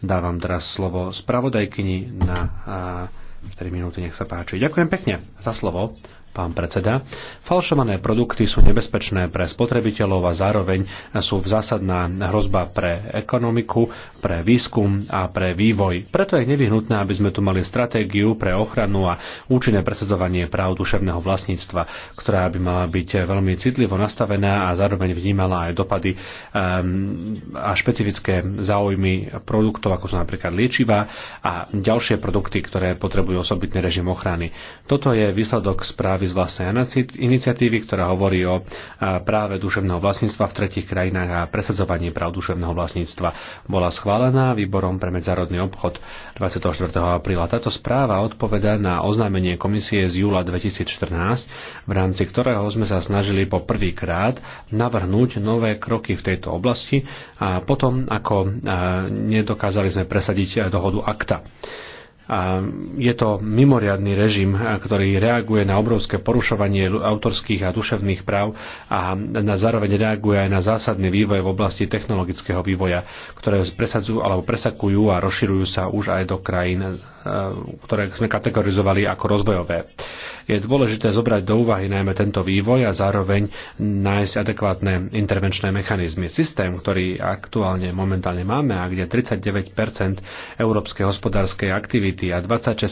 Dávam teraz slovo spravodajkyni na 3 minúty, nech sa páči. Ďakujem pekne za slovo pán predseda. Falšované produkty sú nebezpečné pre spotrebiteľov a zároveň sú zásadná hrozba pre ekonomiku, pre výskum a pre vývoj. Preto je nevyhnutné, aby sme tu mali stratégiu pre ochranu a účinné presadzovanie práv duševného vlastníctva, ktorá by mala byť veľmi citlivo nastavená a zároveň vnímala aj dopady ehm, a špecifické záujmy produktov, ako sú napríklad liečivá a ďalšie produkty, ktoré potrebujú osobitný režim ochrany. Toto je výsledok správy správy z vlastnej iniciatívy, ktorá hovorí o práve duševného vlastníctva v tretich krajinách a presadzovaní práv duševného vlastníctva. Bola schválená výborom pre medzárodný obchod 24. apríla. Táto správa odpoveda na oznámenie komisie z júla 2014, v rámci ktorého sme sa snažili po prvýkrát navrhnúť nové kroky v tejto oblasti a potom, ako nedokázali sme presadiť dohodu akta. Je to mimoriadný režim, ktorý reaguje na obrovské porušovanie autorských a duševných práv a na zároveň reaguje aj na zásadný vývoj v oblasti technologického vývoja, ktoré presadzujú alebo presakujú a rozširujú sa už aj do krajín E, ktoré sme kategorizovali ako rozvojové. Je dôležité zobrať do úvahy najmä tento vývoj a zároveň nájsť adekvátne intervenčné mechanizmy. Systém, ktorý aktuálne momentálne máme a kde 39 európskej hospodárskej aktivity a 26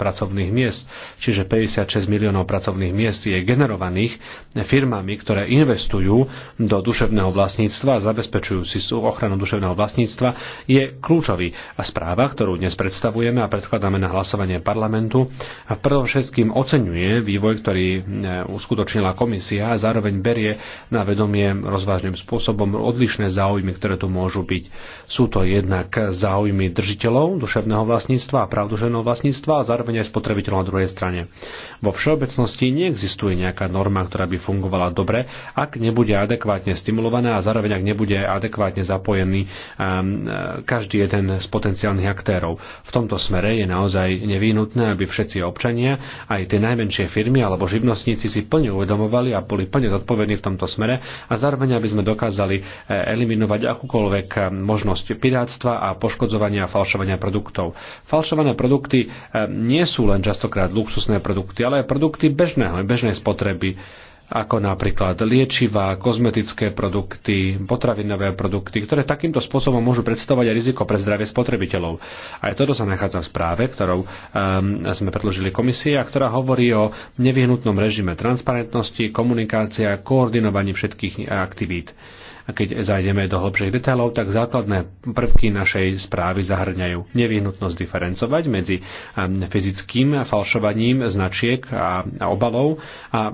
pracovných miest, čiže 56 miliónov pracovných miest je generovaných firmami, ktoré investujú do duševného vlastníctva a zabezpečujú si ochranu duševného vlastníctva, je kľúčový. A správa, ktorú dnes predstavujeme, a predkladáme na hlasovanie parlamentu. A všetkým oceňuje vývoj, ktorý e, uskutočnila komisia a zároveň berie na vedomie rozvážnym spôsobom odlišné záujmy, ktoré tu môžu byť. Sú to jednak záujmy držiteľov duševného vlastníctva a práv duševného vlastníctva a zároveň aj spotrebiteľov na druhej strane. Vo všeobecnosti neexistuje nejaká norma, ktorá by fungovala dobre, ak nebude adekvátne stimulovaná a zároveň ak nebude adekvátne zapojený e, e, každý jeden z potenciálnych aktérov. V tomto smere je naozaj nevýnutné, aby všetci občania, aj tie najmenšie firmy alebo živnostníci si plne uvedomovali a boli plne zodpovední v tomto smere a zároveň, aby sme dokázali e, eliminovať akúkoľvek e, možnosť pirátstva a poškodzovania a falšovania produktov. Falšované produkty e, nie sú len častokrát luxusné produkty, ale aj produkty bežného, bežnej spotreby ako napríklad liečivá, kozmetické produkty, potravinové produkty, ktoré takýmto spôsobom môžu predstavovať aj riziko pre zdravie spotrebiteľov. Aj toto sa nachádza v správe, ktorou um, sme predložili komisie a ktorá hovorí o nevyhnutnom režime transparentnosti, komunikácia, koordinovaní všetkých aktivít. A keď zajdeme do hlbších detailov, tak základné prvky našej správy zahrňajú nevyhnutnosť diferencovať medzi ehm, fyzickým falšovaním značiek a obalov a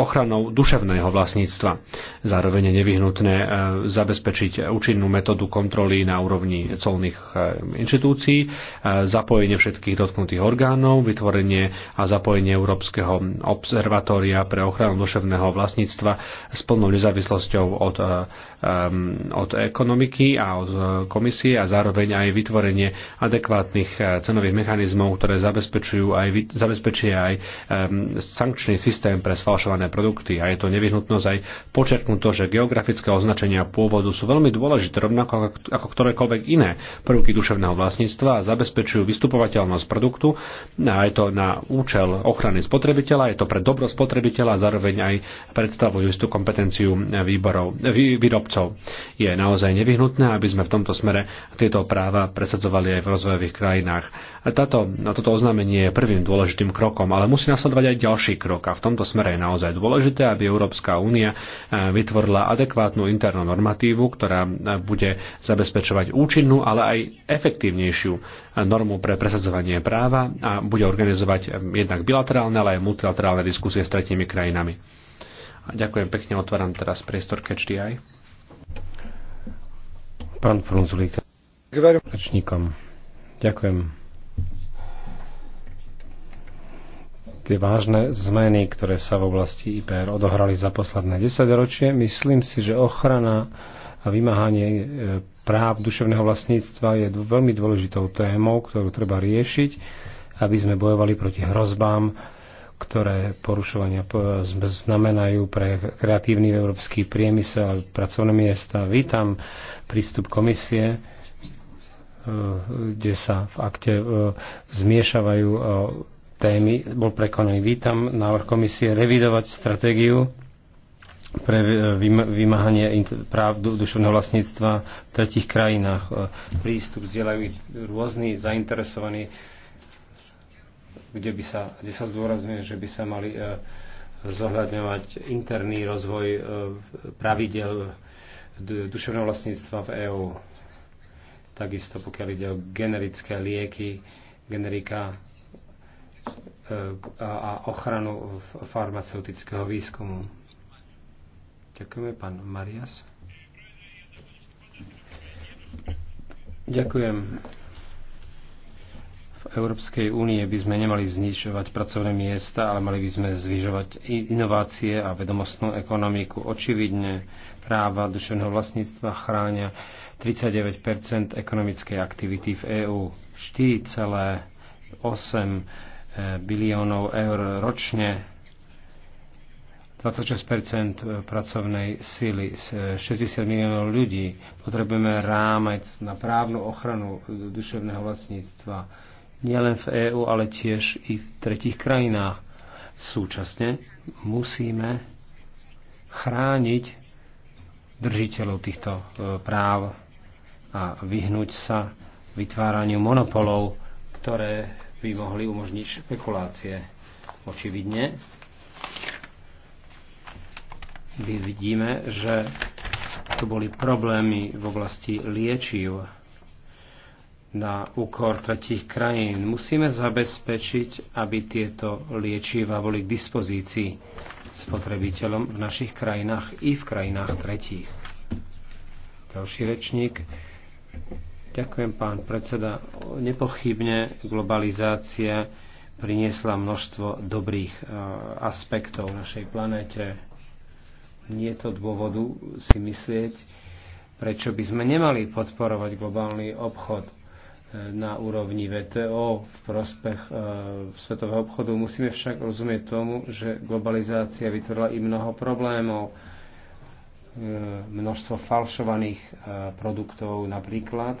ochranou duševného vlastníctva. Zároveň je nevyhnutné ehm, zabezpečiť účinnú metódu kontroly na úrovni colných ehm, inštitúcií, zapojenie všetkých dotknutých orgánov, vytvorenie a zapojenie Európskeho observatória pre ochranu duševného vlastníctva s plnou nezávislosťou od Um, od ekonomiky a od uh, komisie a zároveň aj vytvorenie adekvátnych uh, cenových mechanizmov, ktoré zabezpečujú aj, zabezpečia aj um, sankčný systém pre sfalšované produkty. A je to nevyhnutnosť aj počerknúť to, že geografické označenia pôvodu sú veľmi dôležité, rovnako ako ktorékoľvek iné prvky duševného vlastníctva a zabezpečujú vystupovateľnosť produktu. A je to na účel ochrany spotrebiteľa, je to pre dobro spotrebiteľa a zároveň aj predstavujú istú kompetenciu výborov, vý, výrobcov. Je naozaj nevyhnutné, aby sme v tomto smere tieto práva presadzovali aj v rozvojových krajinách. Táto, toto oznámenie je prvým dôležitým krokom, ale musí nasledovať aj ďalší krok a v tomto smere je naozaj dôležité, aby Európska únia eh, vytvorila adekvátnu internú normatívu, ktorá eh, bude zabezpečovať účinnú, ale aj efektívnejšiu eh, normu pre presadzovanie práva a bude organizovať jednak bilaterálne, ale aj multilaterálne diskusie s tretími krajinami. A ďakujem pekne, otváram teraz priestor eye. Pán Frunzulík, Ďakujem. Ďakujem. Tie vážne zmeny, ktoré sa v oblasti IPR odohrali za posledné desaťročie, myslím si, že ochrana a vymáhanie e, práv duševného vlastníctva je veľmi dôležitou témou, ktorú treba riešiť, aby sme bojovali proti hrozbám, ktoré porušovania znamenajú pre kreatívny európsky priemysel a pracovné miesta. Vítam prístup komisie, eh, kde sa v akte eh, zmiešavajú eh, témy, bol prekonaný. Vítam návrh komisie revidovať stratégiu pre vymáhanie práv duševného vlastníctva v tretich krajinách. Prístup zdieľajú rôzni zainteresovaní kde, by sa, kde sa zdôrazňuje, že by sa mali e, zohľadňovať interný rozvoj e, pravidel duševného vlastníctva v EÚ. Takisto pokiaľ ide o generické lieky, generika e, a ochranu farmaceutického výskumu. Ďakujeme, pán Marias. Ďakujem. Európskej únie by sme nemali znižovať pracovné miesta, ale mali by sme zvyžovať inovácie a vedomostnú ekonomiku. Očividne práva duševného vlastníctva chránia 39 ekonomickej aktivity v EÚ. 4,8 e, biliónov eur ročne 26 e, pracovnej síly, 60 e, miliónov ľudí. Potrebujeme rámec na právnu ochranu duševného vlastníctva nielen v EÚ, ale tiež i v tretich krajinách. Súčasne musíme chrániť držiteľov týchto e, práv a vyhnúť sa vytváraniu monopolov, ktoré by mohli umožniť špekulácie. Očividne vidíme, že tu boli problémy v oblasti liečiv na úkor tretich krajín. Musíme zabezpečiť, aby tieto liečiva boli k dispozícii spotrebiteľom v našich krajinách i v krajinách tretích. Ďalší rečník. Ďakujem, pán predseda. Nepochybne globalizácia priniesla množstvo dobrých eh, aspektov našej planéte. Nie je to dôvodu si myslieť, prečo by sme nemali podporovať globálny obchod na úrovni VTO v prospech e, svetového obchodu. Musíme však rozumieť tomu, že globalizácia vytvorila i mnoho problémov, e, množstvo falšovaných e, produktov napríklad.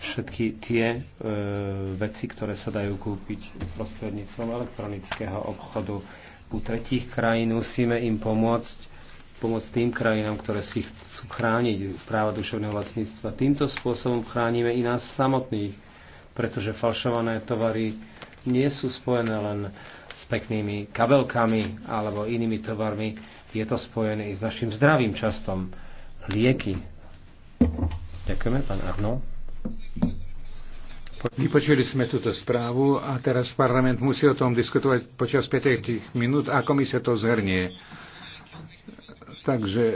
Všetky tie veci, ktoré sa dajú kúpiť prostredníctvom elektronického obchodu. U tretích krajín musíme im pomôcť pomoc tým krajinám, ktoré si chcú chrániť práva duševného vlastníctva. Týmto spôsobom chránime i nás samotných, pretože falšované tovary nie sú spojené len s peknými kabelkami alebo inými tovarmi, je to spojené i s našim zdravým častom. Lieky. Ďakujeme, pán Arno. Vypočuli sme túto správu a teraz parlament musí o tom diskutovať počas 5 minút a komisia to zhrnie. Takže e,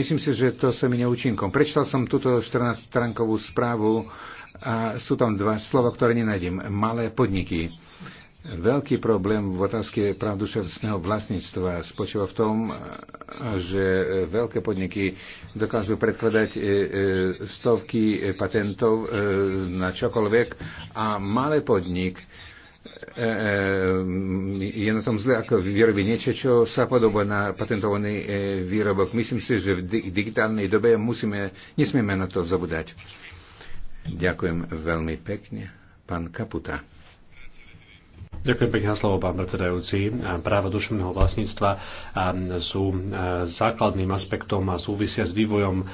myslím si, že to sa mi neúčinkom. Prečítal som túto 14-stránkovú správu a sú tam dva slova, ktoré nenájdem. Malé podniky. Veľký problém v otázke práv vlastníctva spočíva v tom, že veľké podniky dokážu predkladať e, e, stovky patentov e, na čokoľvek a malé podnik E, e, je na tom zle, ako vyrobí niečo, čo sa podoba na patentovaný e, výrobok. Myslím si, že v digitálnej dobe musíme, nesmieme na to zabúdať. Ďakujem veľmi pekne. Pán Kaputa. Ďakujem pekne za slovo, pán predsedajúci. Práva duševného vlastníctva sú e, základným aspektom a súvisia s vývojom e,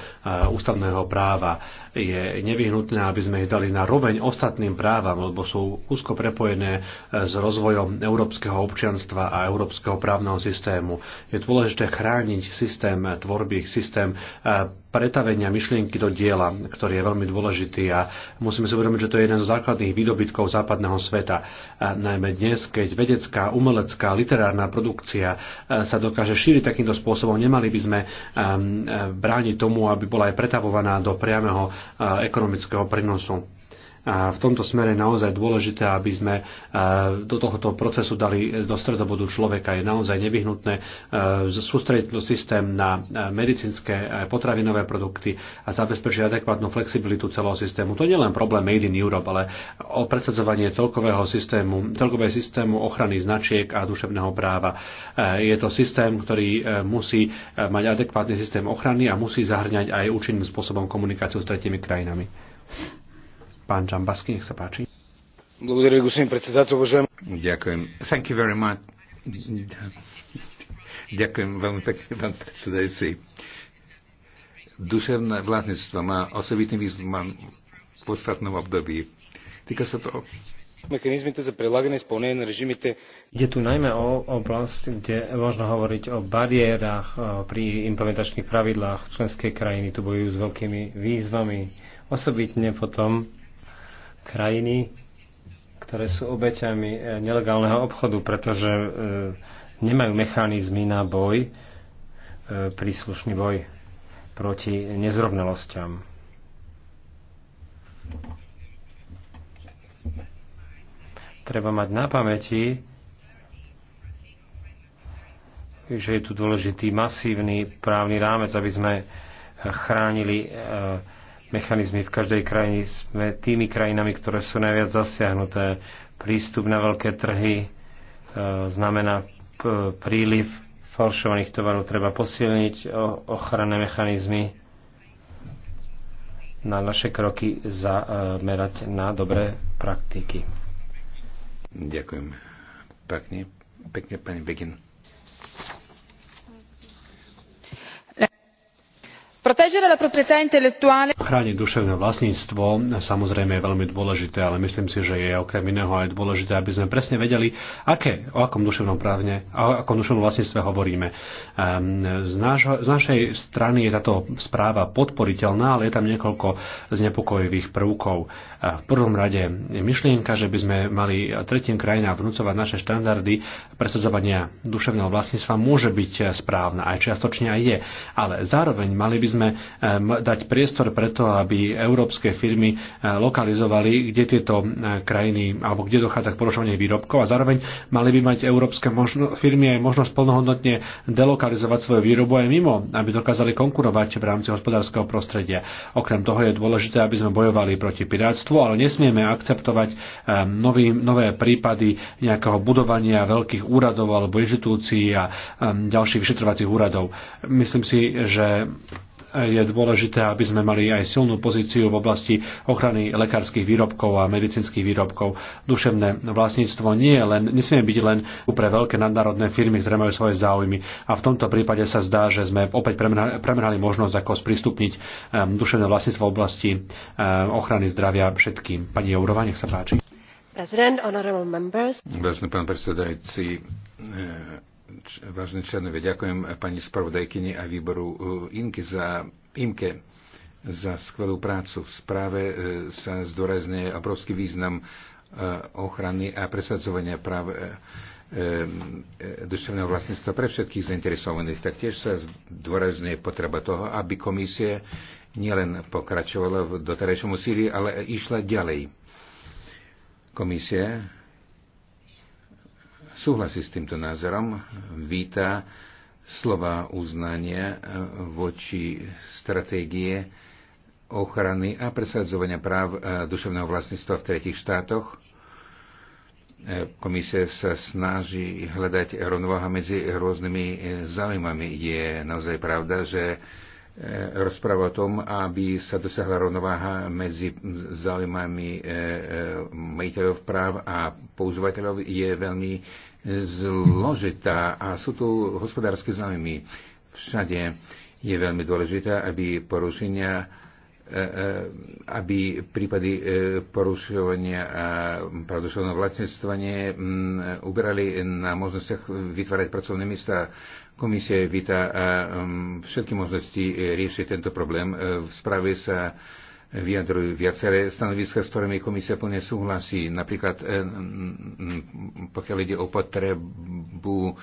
ústavného práva. Je nevyhnutné, aby sme ich dali na roveň ostatným právam, lebo sú úzko prepojené e, s rozvojom európskeho občianstva a európskeho právneho systému. Je dôležité chrániť systém tvorby, systém pretavenia myšlienky do diela, ktorý je veľmi dôležitý a musíme si uvedomiť, že to je jeden z základných výdobytkov západného sveta. A najmä dnes, keď vedecká, umelecká, literárna produkcia e, sa dokáže šíriť takýmto spôsobom, nemali by sme e, e, brániť tomu, aby bola aj pretavovaná do priameho ekonomického prínosu. A v tomto smere je naozaj dôležité, aby sme e, do tohoto procesu dali e, do stredobodu človeka. Je naozaj nevyhnutné e, sústrediť systém na medicínske potravinové produkty a zabezpečiť adekvátnu flexibilitu celého systému. To nie je len problém Made in Europe, ale o predsadzovanie celkového systému, celkovej systému ochrany značiek a duševného práva. Je to systém, ktorý musí mať adekvátny systém ochrany a musí zahrňať aj účinným spôsobom komunikáciu s tretimi krajinami. Pán Džambasky, nech sa páči. Ďakujem. Thank you very much. Ďakujem veľmi pekne, pán predsedajúci. Duševné vlastníctvo má osobitný význam v podstatnom období. Týka sa to mechanizmите tu najmä o oblasti, kde možno hovoriť o bariérach pri implementačných pravidlách. členskej krajiny tu bojujú s veľkými výzvami. Osobitne potom krajiny, ktoré sú obeťami e, nelegálneho obchodu, pretože e, nemajú mechanizmy na boj, e, príslušný boj proti nezrovnalostiam. Treba mať na pamäti, že je tu dôležitý masívny právny rámec, aby sme chránili e, mechanizmy v každej krajine. Sme tými krajinami, ktoré sú najviac zasiahnuté. Prístup na veľké trhy e, znamená príliv falšovaných tovarov. Treba posilniť o- ochranné mechanizmy na naše kroky zamerať na dobré praktiky. Ďakujem. Pekne, pekne pani Begin. Chrániť duševné vlastníctvo samozrejme je veľmi dôležité, ale myslím si, že je okrem iného aj dôležité, aby sme presne vedeli, aké, o akom duševnom právne, o akom duševnom vlastníctve hovoríme. Ehm, z, náš, z našej strany je táto správa podporiteľná, ale je tam niekoľko znepokojivých prvkov. E, v prvom rade myšlienka, že by sme mali tretím krajinám vnúcovať naše štandardy presadzovania duševného vlastníctva môže byť správna, aj čiastočne aj je, ale zároveň mali by sme chceme eh, dať priestor preto, aby európske firmy eh, lokalizovali, kde tieto eh, krajiny alebo kde dochádza k porušovaniu výrobkov a zároveň mali by mať európske možno, firmy aj možnosť plnohodnotne delokalizovať svoju výrobu aj mimo, aby dokázali konkurovať v rámci hospodárskeho prostredia. Okrem toho je dôležité, aby sme bojovali proti pirátstvu, ale nesmieme akceptovať nový, nové prípady nejakého budovania veľkých úradov alebo inštitúcií a ďalších vyšetrovacích úradov. Myslím si, že je dôležité, aby sme mali aj silnú pozíciu v oblasti ochrany lekárskych výrobkov a medicínskych výrobkov. Duševné vlastníctvo nie je len, nesmie byť len pre veľké nadnárodné firmy, ktoré majú svoje záujmy. A v tomto prípade sa zdá, že sme opäť premerali možnosť, ako sprístupniť um, duševné vlastníctvo v oblasti um, ochrany zdravia všetkým. Pani Jourova, nech sa páči. Vážený pán predsedajúci, eh, vážne členovia, ďakujem pani spravodajkyni a výboru e, INKY za, IMKE za skvelú prácu. V správe e, sa zdôrazňuje obrovský význam e, ochrany a presadzovania práv duševného vlastníctva pre všetkých zainteresovaných. Taktiež sa zdôrazňuje potreba toho, aby komisie nielen pokračovala v doterajšom úsilí, ale išla ďalej. Komisie súhlasí s týmto názorom, víta slova uznania e, voči stratégie ochrany a presadzovania práv e, duševného vlastníctva v tretich štátoch. E, Komisia sa snaží hľadať rovnováha medzi rôznymi záujmami. Je naozaj pravda, že rozpráva o tom, aby sa dosiahla rovnováha medzi záujmami majiteľov práv a používateľov je veľmi zložitá a sú tu hospodársky záujmy. Všade je veľmi dôležité, aby porušenia e, e, aby prípady e, porušovania a pravdušovného vlastníctva uberali na možnostiach vytvárať pracovné miesta. Komisia víta všetky možnosti riešiť tento problém. V správe sa vyjadrujú viaceré stanoviska, s ktorými komisia plne súhlasí. Napríklad e, pokiaľ ide o potrebu e,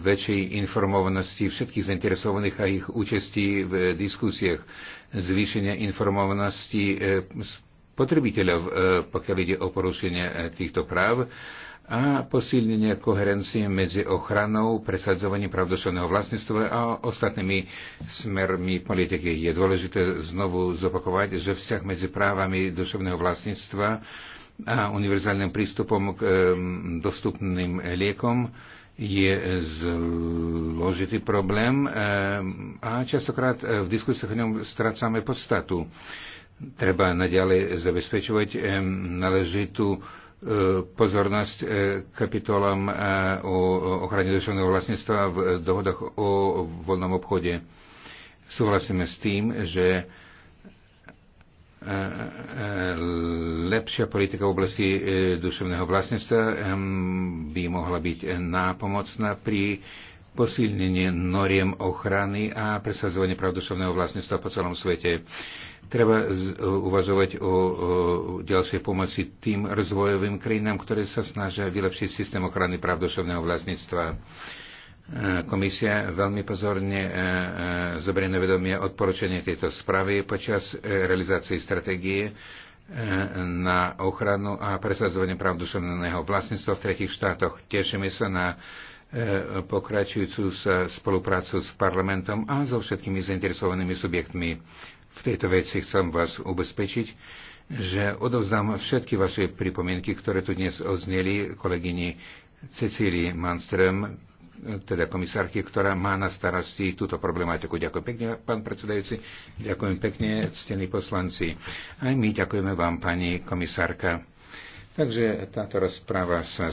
väčšej informovanosti všetkých zainteresovaných a ich účastí v diskusiách, zvýšenia informovanosti e, spotrebiteľov, pokiaľ ide o porušenie týchto práv a posilnenie koherencie medzi ochranou, presadzovaním pravdošovného vlastníctva a ostatnými smermi politiky. Je dôležité znovu zopakovať, že vzťah medzi právami duševného vlastníctva a univerzálnym prístupom k dostupným liekom je zložitý problém a častokrát v diskusiách o ňom strácame podstatu. Treba naďalej zabezpečovať náležitú pozornosť e, kapitolám e, o ochrane duševného vlastníctva v e, dohodách o voľnom obchode. Súhlasíme s tým, že lepšia politika v oblasti duševného vlastníctva by mohla byť nápomocná pri posilnení noriem ochrany a presadzovanie práv duševného vlastníctva po celom svete. Treba e, uvažovať o ďalšej pomoci tým rozvojovým krajinám, ktoré sa snažia vylepšiť systém ochrany práv duševného vlastníctva. E, komisia veľmi pozorne e, zoberie na vedomie odporúčanie tejto správy počas realizácie stratégie na ochranu a presadzovanie práv duševného vlastníctva v tretich štátoch. Tešíme sa na pokračujúcu sa spoluprácu s parlamentom a so všetkými zainteresovanými subjektmi. V tejto veci chcem vás ubezpečiť, že odovzdám všetky vaše pripomienky, ktoré tu dnes odzneli kolegyni Cecílii Manström, teda komisárky, ktorá má na starosti túto problematiku. Ďakujem pekne, pán predsedajúci, ďakujem pekne, ctení poslanci. Aj my ďakujeme vám, pani komisárka. Takže táto rozpráva sa